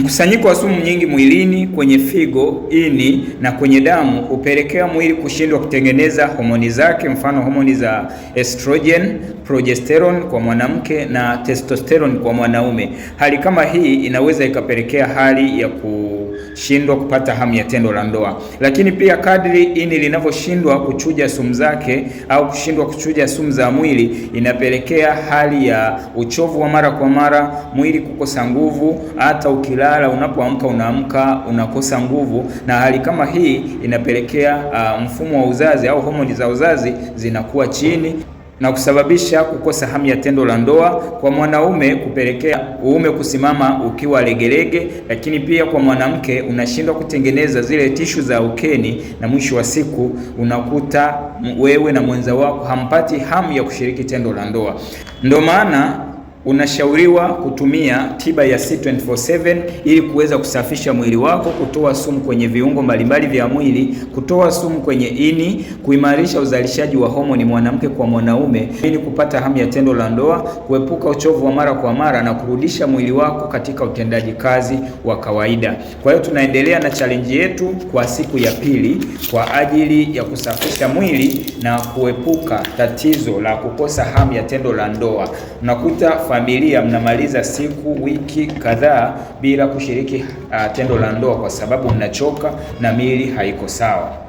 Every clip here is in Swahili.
Mkusanyiko wa sumu nyingi mwilini, kwenye figo, ini na kwenye damu hupelekea mwili kushindwa kutengeneza homoni zake, mfano homoni za estrogen, progesterone kwa mwanamke na testosterone kwa mwanaume. Hali kama hii inaweza ikapelekea hali ya ku kushindwa kupata hamu ya tendo la ndoa. Lakini pia kadri ini linavyoshindwa kuchuja sumu zake au kushindwa kuchuja sumu za mwili, inapelekea hali ya uchovu wa mara kwa mara, mwili kukosa nguvu. Hata ukilala, unapoamka unaamka unakosa nguvu, na hali kama hii inapelekea uh, mfumo wa uzazi au homoni za uzazi zinakuwa chini na kusababisha kukosa hamu ya tendo la ndoa kwa mwanaume, kupelekea uume kusimama ukiwa legelege, lakini pia kwa mwanamke unashindwa kutengeneza zile tishu za ukeni, na mwisho wa siku unakuta wewe na mwenza wako hampati hamu ya kushiriki tendo la ndoa. Ndio maana unashauriwa kutumia tiba ya C247 ili kuweza kusafisha mwili wako, kutoa sumu kwenye viungo mbalimbali vya mwili, kutoa sumu kwenye ini, kuimarisha uzalishaji wa homoni mwanamke kwa mwanaume, ili kupata hamu ya tendo la ndoa, kuepuka uchovu wa mara kwa mara na kurudisha mwili wako katika utendaji kazi wa kawaida. Kwa hiyo tunaendelea na challenge yetu kwa siku ya pili kwa ajili ya kusafisha mwili na kuepuka tatizo la kukosa hamu ya tendo la ndoa. Unakuta familia mnamaliza siku, wiki kadhaa bila kushiriki uh, tendo la ndoa kwa sababu mnachoka na miili haiko sawa.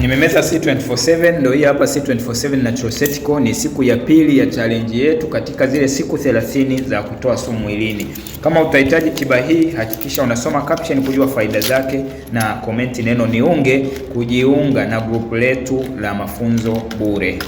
Nimemeza C247 ndio hii hapa C247 Natural Ceutical. Ni siku ya pili ya challenge yetu katika zile siku 30 za kutoa sumu mwilini. Kama utahitaji tiba hii, hakikisha unasoma caption kujua faida zake na komenti neno niunge kujiunga na grupu letu la mafunzo bure.